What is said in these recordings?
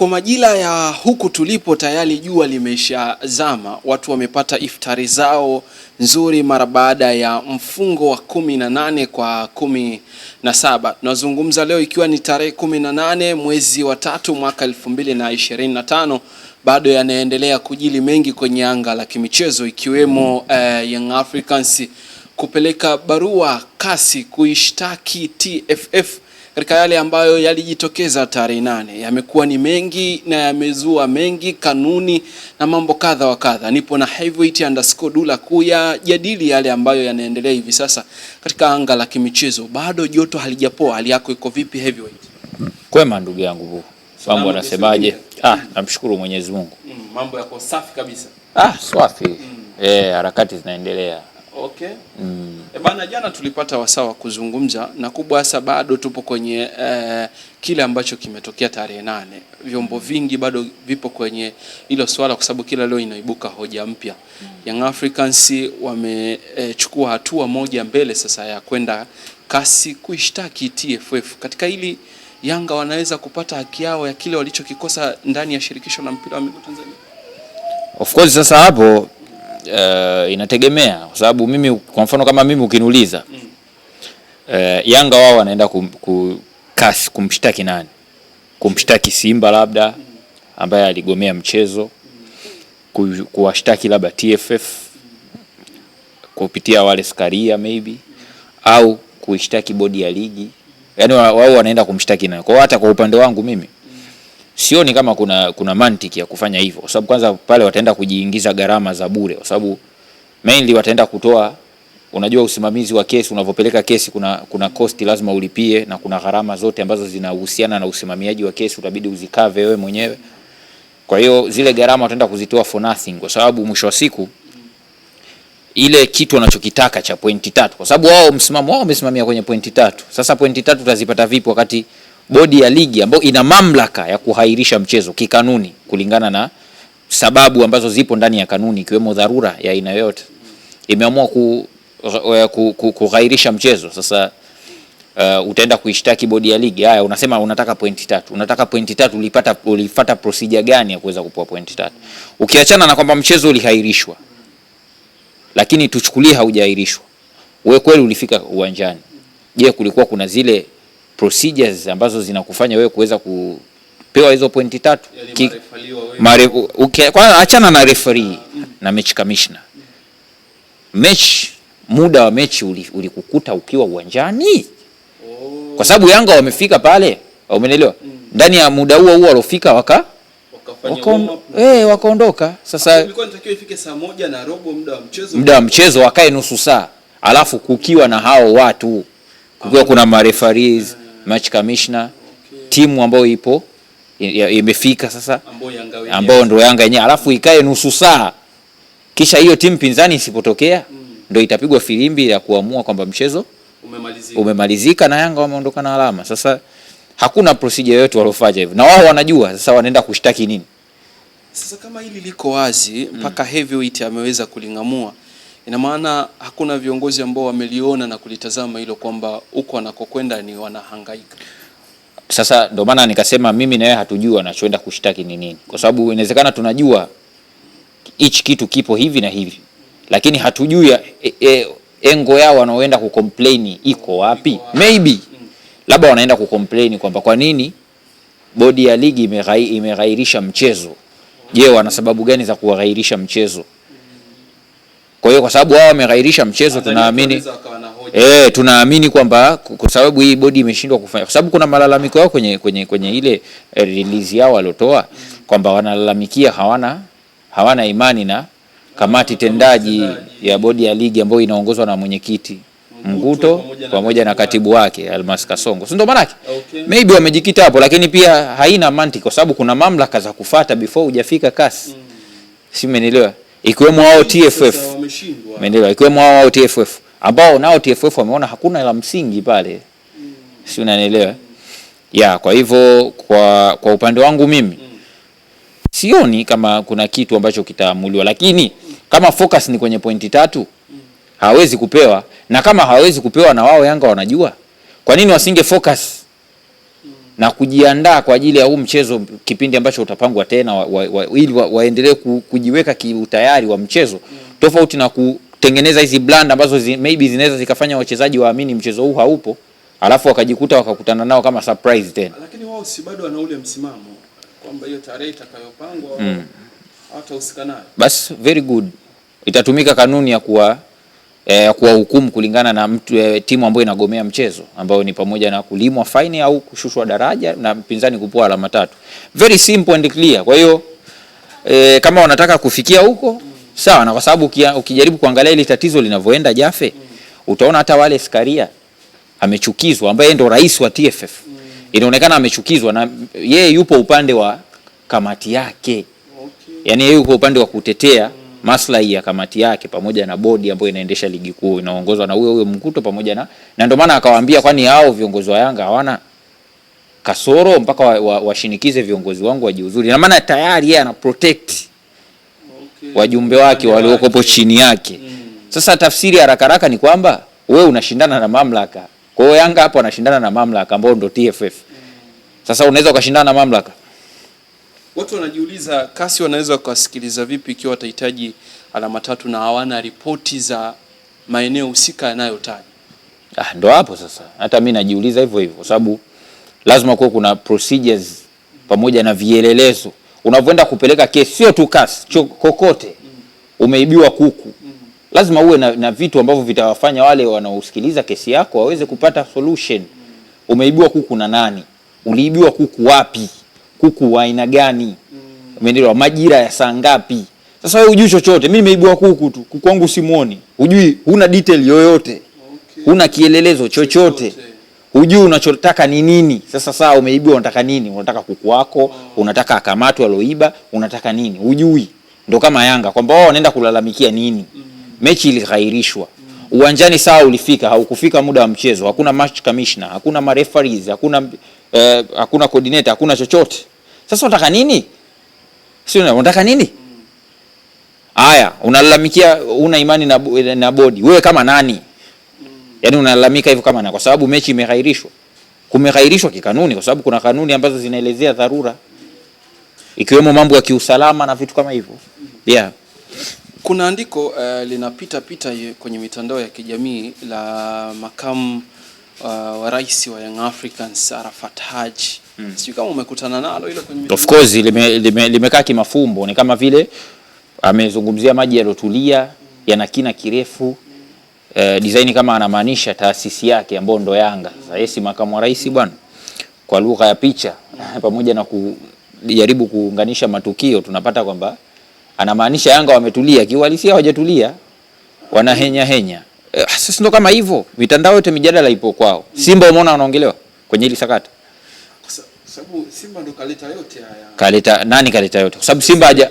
Kwa majira ya huku tulipo, tayari jua limeshazama, watu wamepata iftari zao nzuri mara baada ya mfungo wa kumi na nane kwa kumi na saba. nazungumza leo ikiwa ni tarehe kumi na nane mwezi wa tatu mwaka elfu mbili na ishirini na tano. Bado yanaendelea kujili mengi kwenye anga la kimichezo ikiwemo uh, Young Africans kupeleka barua kasi kuishtaki TFF katika yale ambayo yalijitokeza tarehe nane yamekuwa ni mengi na yamezua mengi, kanuni na mambo kadha wa kadha. Nipo na Heavyweight underscore Dula kuyajadili yale ambayo yanaendelea hivi sasa katika anga la kimichezo. Bado joto halijapoa. Hali yako iko vipi Heavyweight? Kwema ndugu yangu, mambo anasemaje? Ah, namshukuru Mwenyezi Mungu. Mm, mambo yako safi kabisa. Ah, swafi. Mm. Eh, harakati zinaendelea Okay. Mm. E bana, jana tulipata wasaa wa kuzungumza na kubwa hasa, bado tupo kwenye eh, kile ambacho kimetokea tarehe nane. Vyombo vingi bado vipo kwenye hilo swala, kwa sababu kila leo inaibuka hoja mpya mm. Young Africans wamechukua eh, hatua moja mbele sasa ya kwenda kasi kuishtaki TFF katika hili. Yanga wanaweza kupata haki yao ya kile walichokikosa ndani ya shirikisho la mpira wa miguu Tanzania. Of course sasa hapo uh, inategemea kwa sababu mimi kwa mfano kama mimi ukiniuliza mm. uh, Yanga wao wanaenda kum, kum, kas kumshtaki nani? Kumshtaki Simba labda ambaye aligomea mchezo, kuwashtaki labda TFF kupitia wale Skaria maybe au kuishtaki bodi ya ligi, yaani wao wanaenda kumshtaki nani? Kwa hata kwa upande wangu mimi sioni kama kuna, kuna mantiki ya kufanya hivyo, kwa sababu kwanza pale wataenda kujiingiza gharama za bure, kwa sababu mainly wataenda kutoa Unajua, usimamizi wa kesi, unavyopeleka kesi kuna, kuna costi lazima ulipie, na kuna gharama zote ambazo zinahusiana na usimamiaji wa kesi utabidi uzikave wewe mwenyewe. Kwa hiyo zile gharama wataenda kuzitoa for nothing, kwa sababu mwisho wa siku ile kitu wanachokitaka cha pointi tatu, kwa sababu wao msimamo wao wamesimamia kwenye pointi tatu. Sasa pointi tatu utazipata vipi wakati bodi ya ligi ambayo ina mamlaka ya kuhairisha mchezo kikanuni kulingana na sababu ambazo zipo ndani ya kanuni ikiwemo dharura ya aina yoyote, imeamua ku, eh, ku, ku, kughairisha mchezo. Sasa uh, utaenda kuishtaki bodi ya ligi. Haya, unasema unataka pointi tatu, unataka pointi tatu. Ulipata, ulifuata procedure gani ya kuweza kupewa pointi tatu? Ukiachana na kwamba mchezo ulihairishwa, lakini tuchukulie haujahairishwa, wewe kweli ulifika uwanjani. Je, kulikuwa kuna zile procedures ambazo zinakufanya wewe kuweza kupewa hizo pointi tatu. Kwanza achana na referee uh, mm. na match commissioner mm. match muda wa mechi ulikukuta uli ukiwa uwanjani oh. kwa sababu Yanga wamefika pale, umeelewa? Mm. ndani mm. ya muda huo huo waliofika waka eh, wakaondoka waka sasa, ah, muda wa mchezo wakae nusu saa, alafu kukiwa na hao watu kukiwa ah. kuna marefaris match commissioner, timu ambayo ipo imefika sasa, ambayo ndio Yanga yenyewe, alafu ikae nusu saa, kisha hiyo timu pinzani isipotokea mm. ndio itapigwa filimbi ya kuamua kwamba mchezo umemalizika, umemalizika na Yanga wameondoka na alama. Sasa hakuna procedure yoyote waliofanya hivyo, na wao wanajua sasa wanaenda kushtaki nini. Sasa kama hili liko wazi mm. mpaka mm. Heavyweight ameweza kuling'amua Ina maana hakuna viongozi ambao wameliona na kulitazama hilo kwamba huko wanakokwenda ni wanahangaika. Sasa ndio maana nikasema mimi na wewe hatujui anachoenda kushtaki ni nini, kwa sababu inawezekana tunajua hichi kitu kipo hivi na hivi, lakini hatujui e, e, engo yao wanaoenda kucomplain iko wapi? Maybe labda wanaenda kucomplain kwamba kwa nini bodi ya ligi imeghairisha mchezo. Je, wana sababu gani za kuwaghairisha mchezo? Kwa hiyo kwa sababu wao wameghairisha mchezo, tunaamini eh, tunaamini kwamba kwa sababu hii bodi imeshindwa kufanya, kwa sababu kuna malalamiko yao kwenye, kwenye, kwenye ile eh, release yao waliotoa mm. kwamba wanalalamikia hawana, hawana imani na kamati tendaji ya bodi ya ligi ambayo inaongozwa na mwenyekiti Mguto pamoja na katibu wake Almas Kasongo, si ndio maanake? Okay. Maybe wamejikita hapo, lakini pia haina mantiki kwa sababu kuna mamlaka za kufata before hujafika kasi, mm. si mm ikiwemo wao TFF, umeelewa? Ikiwemo wao TFF ambao nao TFF wameona hakuna la msingi pale, si unanielewa? Ya, kwa hivyo kwa, kwa upande wangu mimi sioni kama kuna kitu ambacho kitaamuliwa, lakini kama focus ni kwenye pointi tatu hawezi kupewa, na kama hawezi kupewa na wao Yanga wanajua, kwa nini wasinge focus na kujiandaa kwa ajili ya huu mchezo kipindi ambacho utapangwa tena wa, wa, wa, ili wa, waendelee ku, kujiweka kiutayari wa mchezo mm. tofauti na kutengeneza hizi bland ambazo zi, maybe zinaweza zikafanya wachezaji waamini mchezo huu haupo, alafu wakajikuta wakakutana nao kama surprise tena. Lakini wao si bado wana ule msimamo kwamba hiyo tarehe itakayopangwa mm. hata nayo. Basi very good, itatumika kanuni ya kuwa eh, kuwahukumu kulingana na mtu, eh, timu ambayo inagomea mchezo ambayo ni pamoja na kulimwa faini au kushushwa daraja na mpinzani kupoa alama tatu. Very simple and clear. Kwa hiyo eh, kama wanataka kufikia huko sawa, na kwa sababu ukijaribu kuangalia ile tatizo linavyoenda Jafe, utaona hata wale Skaria amechukizwa ambaye ndo rais wa TFF inaonekana amechukizwa na yeye yupo upande wa kamati yake, okay. Yani yeye yuko upande wa kutetea maslahi ya kamati yake pamoja na bodi ambayo inaendesha ligi kuu inaongozwa na huyo huyo Mkuto pamoja na na, ndio maana akawaambia, kwani hao viongozi wa Yanga hawana kasoro mpaka washinikize wa, wa viongozi wangu wajiuzuri. Na maana tayari yeye ana protect okay, wajumbe wake waliokopo chini yake mm. Sasa tafsiri haraka haraka ni kwamba wewe unashindana na mamlaka, kwa hiyo Yanga hapo anashindana na mamlaka ambayo ndio TFF. Hmm. Sasa unaweza ukashindana na mamlaka Watu wanajiuliza kasi wanaweza wakawasikiliza vipi ikiwa watahitaji alama tatu na hawana ripoti za maeneo husika yanayotaja? Ah, ndo hapo sasa hata mimi najiuliza hivyo hivyo, kwa sababu lazima kuwe kuna procedures pamoja na vielelezo unavyoenda kupeleka kesi, sio tu kasi, kokote. Umeibiwa kuku, lazima uwe na, na vitu ambavyo vitawafanya wale wanaosikiliza kesi yako waweze kupata solution. Umeibiwa kuku na nani? Uliibiwa kuku wapi? kuku wa aina gani, umeelewa? Majira ya saa ngapi? Sasa wewe hujui chochote, mimi nimeibua kuku tu, kuku wangu simuoni, hujui, huna detail yoyote, huna kielelezo chochote, hujui unachotaka ni nini. Sasa saa umeibua, unataka nini? Unataka kuku wako, oh. unataka akamatwe aloiba unataka nini? Hujui. Ndo kama Yanga kwamba wao wanaenda kulalamikia nini? mm. Mechi ilighairishwa uwanjani, saa ulifika, haukufika muda wa mchezo, hakuna match commissioner, hakuna mareferees, hakuna eh, hakuna coordinator, hakuna chochote. Sasa unataka nini? Si unataka nini? Haya, unalalamikia una imani na, na bodi. Wewe kama nani? Yaani unalalamika hivyo kama na kwa sababu mechi imeghairishwa. Kumeghairishwa kikanuni kwa sababu kuna kanuni ambazo zinaelezea dharura ikiwemo mambo ya kiusalama na vitu kama hivyo. Yeah. Kuna andiko uh, linapita pita kwenye mitandao ya kijamii la makamu uh, wa rais wa Young Africans Arafat Haji Mm. Sio kama umekutana nalo hilo kwenye Of course limekaa lime, lime kimafumbo ni kama vile amezungumzia maji yalotulia mm. yana kina kirefu mm. Eh, design kama anamaanisha taasisi yake ambayo ndo Yanga. Sasa yeye si makamu wa rais bwana. Kwa lugha ya picha mm. pamoja na kujaribu kuunganisha matukio tunapata kwamba anamaanisha Yanga wametulia, kiuhalisia hawajatulia, wanahenya henya. Eh, sasa ndo kama hivyo mitandao yote mijadala ipo kwao. Simba umeona wanaongelewa kwenye hili sakata sababu Simba ndo kaleta yote haya. Kaleta nani kaleta yote? Kwa sababu Simba haja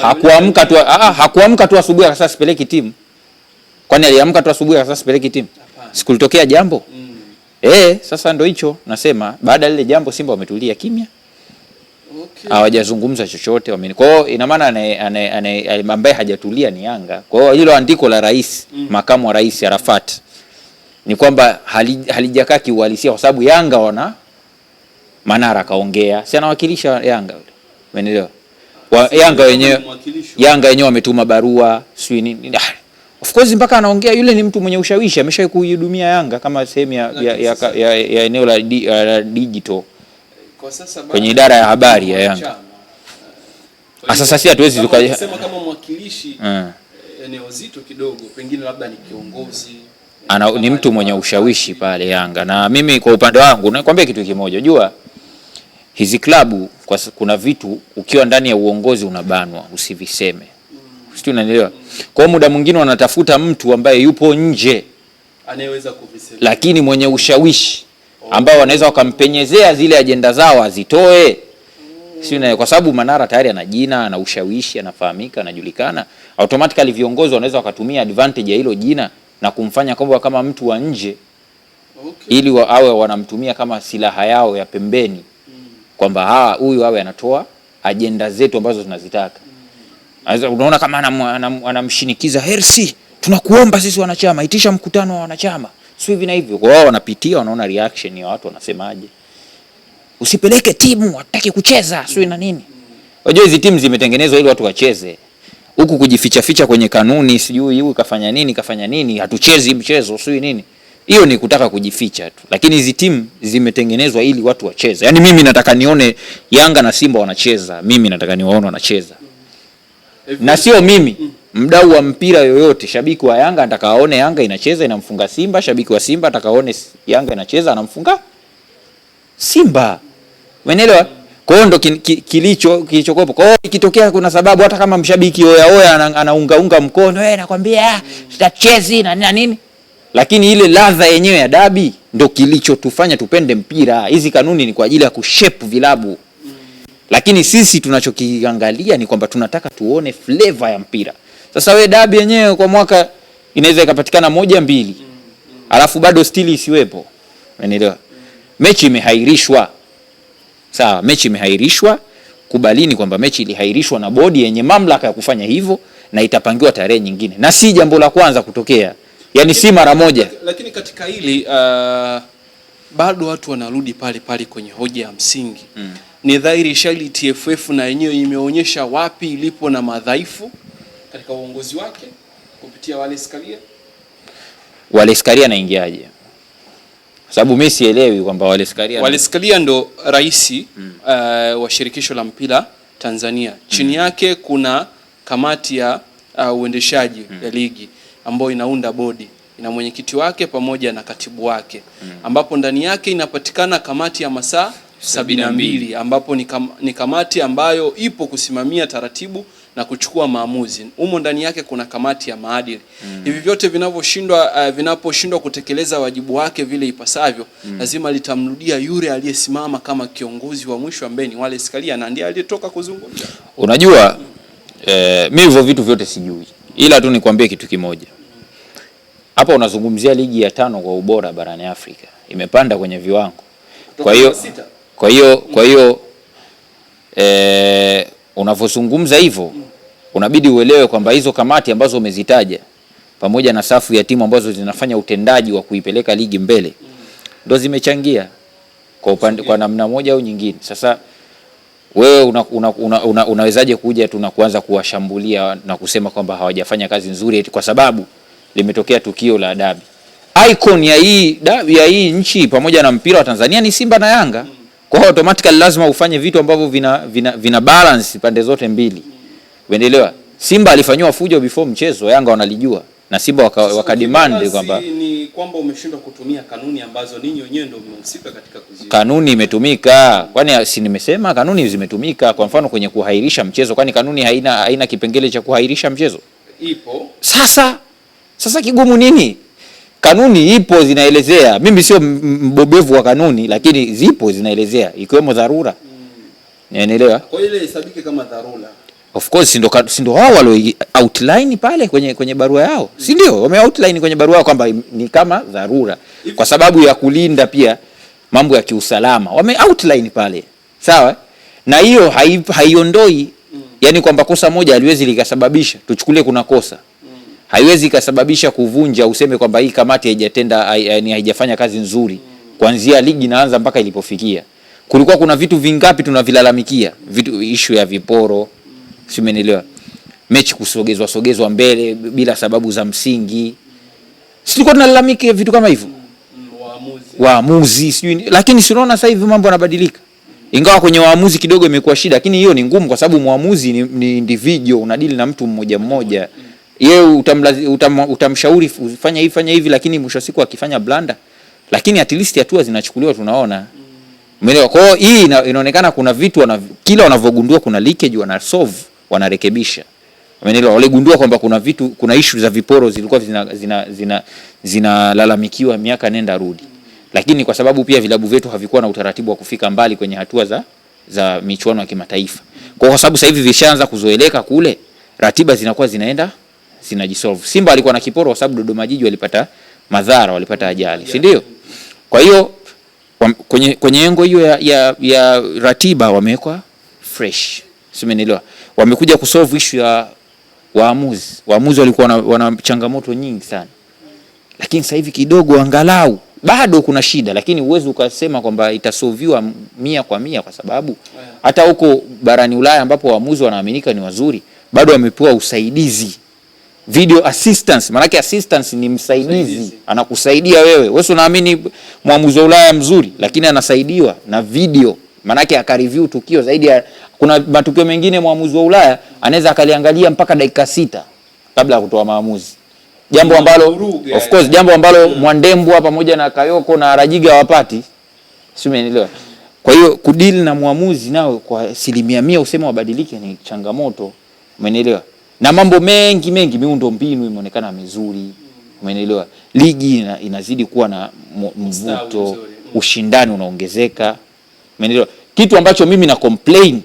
hakuamka tu ah, hakuamka tu asubuhi akasema sipeleki timu. Kwani aliamka tu asubuhi akasema sipeleki timu? Sikulitokea jambo. Mm. Eh, sasa ndo hicho nasema baada lile jambo Simba wametulia kimya. Okay. Hawajazungumza chochote wameni. Kwa hiyo ina maana ane, ane, ane, ane ambaye hajatulia ni Yanga. Kwa hiyo hilo andiko la rais, mm. makamu wa rais Arafat ni kwamba halijakaa hali kiuhalisia kwa sababu Yanga wana Manara kaongea, si anawakilisha Yanga yule, umeelewa? Wa Yanga wenyewe Yanga wenyewe wametuma barua sio nini, ah. of course mpaka anaongea yule. Ni mtu mwenye ushawishi, ameshawahi kuhudumia Yanga kama sehemu ya, ya, ya, ya, ya eneo la, di, la digital kwa sasa ba, kwenye idara ya habari ya Yanga. Ah, sasa si hatuwezi tukasema kama mwakilishi ah. eneo zito kidogo, pengine labda ni kiongozi ana, ni mtu mwenye ushawishi pale Yanga, na mimi kwa upande wangu nakwambia kitu kimoja, jua hizi klabu kwa, kuna vitu ukiwa ndani ya uongozi unabanwa usiviseme, sio? Unaelewa? Kwa muda mwingine wanatafuta mtu ambaye yupo nje anayeweza kuviseme, lakini mwenye ushawishi ambao wanaweza wakampenyezea zile ajenda zao azitoe, sio? Kwa sababu Manara tayari ana jina, ana ushawishi, anafahamika, anajulikana, automatically viongozi wanaweza wakatumia advantage ya hilo jina na kumfanya kwamba kama mtu wa nje okay, ili wa awe wanamtumia kama silaha yao ya pembeni kwamba huyu awe anatoa ajenda zetu ambazo tunazitaka. Unaona kama anamshinikiza anam, anam Hersi, tunakuomba sisi wanachama, itisha mkutano wa wanachama, sio hivi na hivyo. wao wanapitia, wanaona reaction ya watu wanasemaje, usipeleke timu, hataki kucheza, sio na nini. Unajua hizi timu zimetengenezwa ili watu wacheze, huku kujificha ficha kwenye kanuni, sijui huyu kafanya nini, kafanya nini, hatuchezi mchezo, sio nini hiyo ni kutaka kujificha tu, lakini hizi timu zimetengenezwa ili watu wacheze. Yani mimi nataka nione Yanga na Simba wanacheza, mimi nataka niwaone wanacheza na sio mimi mdau wa mpira yoyote. Shabiki wa Yanga nataka aone Yanga inacheza inamfunga Simba, shabiki wa Simba nataka aone Yanga inacheza anamfunga Simba. Umeelewa? Kwa hiyo ndo kilicho kilichokopo. Kwa hiyo ikitokea kuna sababu, hata kama mshabiki oya oya anaungaunga mkono, wewe eh, nakwambia ah, tutachezi na nini lakini ile ladha yenyewe ya dabi ndo kilichotufanya tupende mpira. Hizi kanuni ni kwa ajili ya kushape vilabu, lakini sisi tunachokiangalia ni kwamba tunataka tuone flavor ya mpira. Sasa we dabi yenyewe kwa mwaka inaweza ikapatikana moja mbili, alafu bado stili isiwepo, umeelewa? Mechi imehairishwa, sawa, mechi imehairishwa. Kubalini kwamba mechi ilihairishwa na bodi yenye mamlaka ya kufanya hivyo, na itapangiwa tarehe nyingine, na si jambo la kwanza kutokea yani si mara moja. Lakini katika hili uh, bado watu wanarudi pale pale kwenye hoja ya msingi mm. Ni dhahiri shali TFF na yenyewe imeonyesha wapi ilipo na madhaifu katika uongozi wake kupitia Wallace Karia. Wallace Karia anaingiaje? Sababu mimi sielewi kwamba wale Karia wale Karia ndo rais mm. uh, wa shirikisho la mpira Tanzania chini mm. yake kuna kamati ya uh, uendeshaji mm. ya ligi ambayo inaunda bodi ina mwenyekiti wake pamoja na katibu wake mm. ambapo ndani yake inapatikana kamati ya masaa sabini na mbili ambapo ni, kam, ni kamati ambayo ipo kusimamia taratibu na kuchukua maamuzi. Humo ndani yake kuna kamati ya maadili mm. hivi vyote vinavyoshindwa uh, vinaposhindwa kutekeleza wajibu wake vile ipasavyo mm. lazima litamrudia yule aliyesimama kama kiongozi wa mwisho ambaye ni Wallace Karia na ndiye aliyetoka kuzungumza. Unajua mm. eh, mimi hivyo vitu vyote sijui ila tu nikwambie kitu kimoja hapa, unazungumzia ligi ya tano kwa ubora barani Afrika, imepanda kwenye viwango. Kwa hiyo kwa hiyo kwa hiyo e, unavyozungumza hivyo unabidi uelewe kwamba hizo kamati ambazo umezitaja pamoja na safu ya timu ambazo zinafanya utendaji wa kuipeleka ligi mbele ndo zimechangia kwa upande, kwa namna moja au nyingine sasa wewe una, una, una, una, unawezaje kuja tu na kuanza kuwashambulia na kusema kwamba hawajafanya kazi nzuri eti kwa sababu limetokea tukio la dabi? Icon ya hii ya hii nchi pamoja na mpira wa Tanzania ni Simba na Yanga. Kwa hiyo automatically lazima ufanye vitu ambavyo vina, vina, vina balance pande zote mbili, umeelewa? Simba alifanywa fujo before mchezo, Yanga wanalijua na Simba waka, kwamba ni kwamba umeshindwa kutumia kanuni ambazo ninyi wenyewe ndio mmehusika katika kuzi. Kanuni imetumika, kwani si nimesema kanuni zimetumika? Kwa mfano kwenye kuhairisha mchezo, kwani kanuni haina haina kipengele cha kuhairisha mchezo? Ipo. Sasa sasa kigumu nini? Kanuni ipo zinaelezea. Mimi sio mbobevu wa kanuni, lakini zipo zinaelezea, ikiwemo dharura. Mm. Nielewa? Kwa ile isabiki kama dharura Of course sindo sindo si wao walio outline pale kwenye kwenye barua yao, si ndio? Wame outline kwenye barua yao kwamba ni kama dharura kwa sababu ya kulinda pia mambo ya kiusalama. Wame outline pale. Sawa? Na hiyo haiondoi mm. yani kwamba kosa moja haliwezi likasababisha tuchukulie kuna kosa. Mm. Haiwezi ikasababisha kuvunja useme kwamba hii kamati haijatenda yani haijafanya kazi nzuri mm. Kuanzia ligi inaanza mpaka ilipofikia. Kulikuwa kuna vitu vingapi tunavilalamikia? Vitu issue ya viporo si umenielewa? Mechi kusogezwa sogezwa mbele bila sababu za msingi, si tulikuwa tunalalamika vitu kama hivyo waamuzi, waamuzi sijui, lakini si unaona sasa hivi mambo yanabadilika ingawa kwenye waamuzi kidogo imekuwa shida, lakini hiyo ni ngumu, kwa sababu mwamuzi ni, ni individual, unadili na mtu mmoja mmoja. Yeye utamshauri utam, utam fanya hivi fanya hivi, lakini mwisho siku akifanya blanda, lakini at least hatua zinachukuliwa, tunaona umeelewa. Kwa hiyo hii inaonekana kuna vitu wana, kila wanavyogundua kuna leakage wana solve wanarekebisha. Umeelewa? Waligundua kwamba kuna vitu, kuna issue za viporo zilikuwa zinalalamikiwa zina, zina, zina miaka nenda rudi, lakini kwa sababu pia vilabu vyetu havikuwa na utaratibu wa kufika mbali kwenye hatua za, za michuano ya kimataifa. Kwa sababu sasa hivi vishaanza kuzoeleka kule, ratiba zinakuwa zinaenda zinajisolve. Simba alikuwa na kiporo kwa sababu Dodoma Jiji walipata madhara, walipata ajali, si ndio? Kwa hiyo kwenye, kwenye engo hiyo ya, ya, ya ratiba wamewekwa fresh, simenielewa wamekuja kusolve issue ya waamuzi. Waamuzi walikuwa wana, wana changamoto nyingi sana, lakini sasa hivi kidogo angalau bado kuna shida, lakini huwezi ukasema kwamba itasolviwa mia kwa mia, kwa sababu hata huko barani Ulaya ambapo waamuzi wanaaminika ni wazuri bado wamepewa usaidizi video assistance. Maanake assistance ni msaidizi, anakusaidia wewe. Wewe unaamini mwamuzi wa Ulaya mzuri, lakini anasaidiwa na video, maanake akareview tukio zaidi ya kuna matukio mengine mwamuzi wa Ulaya anaweza akaliangalia mpaka dakika sita kabla ya kutoa maamuzi, jambo ambalo of course, jambo ambalo Mwandembwa pamoja na Kayoko na Rajiga hawapati, si umeelewa? Kwa hiyo kudili na mwamuzi nao kwa asilimia mia useme wabadilike ni changamoto, umeelewa? Na mambo mengi mengi, miundo mbinu imeonekana mizuri, umeelewa? Ligi ina, inazidi kuwa na mvuto, ushindani unaongezeka, umeelewa? Kitu ambacho mimi na complain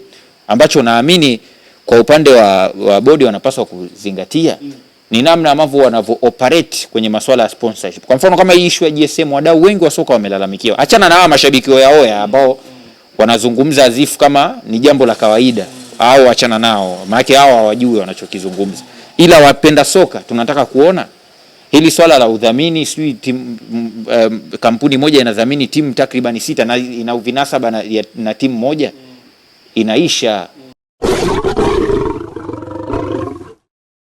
ambacho naamini kwa upande wa, wa bodi wanapaswa kuzingatia mm. ni namna ambavyo wanavyo operate kwenye masuala ya sponsorship. Kwa mfano kama hii issue ya GSM, wadau wengi wa soka wamelalamikiwa, achana na hawa mashabiki wa Yaoya mm. ambao wanazungumza azifu kama ni jambo la kawaida mm. au achana nao, maana hawa hawajui wanachokizungumza, ila wapenda soka tunataka kuona hili swala la udhamini sijui timu um, eh, kampuni moja inadhamini timu takribani sita na ina uvinasaba na, na timu moja mm inaisha.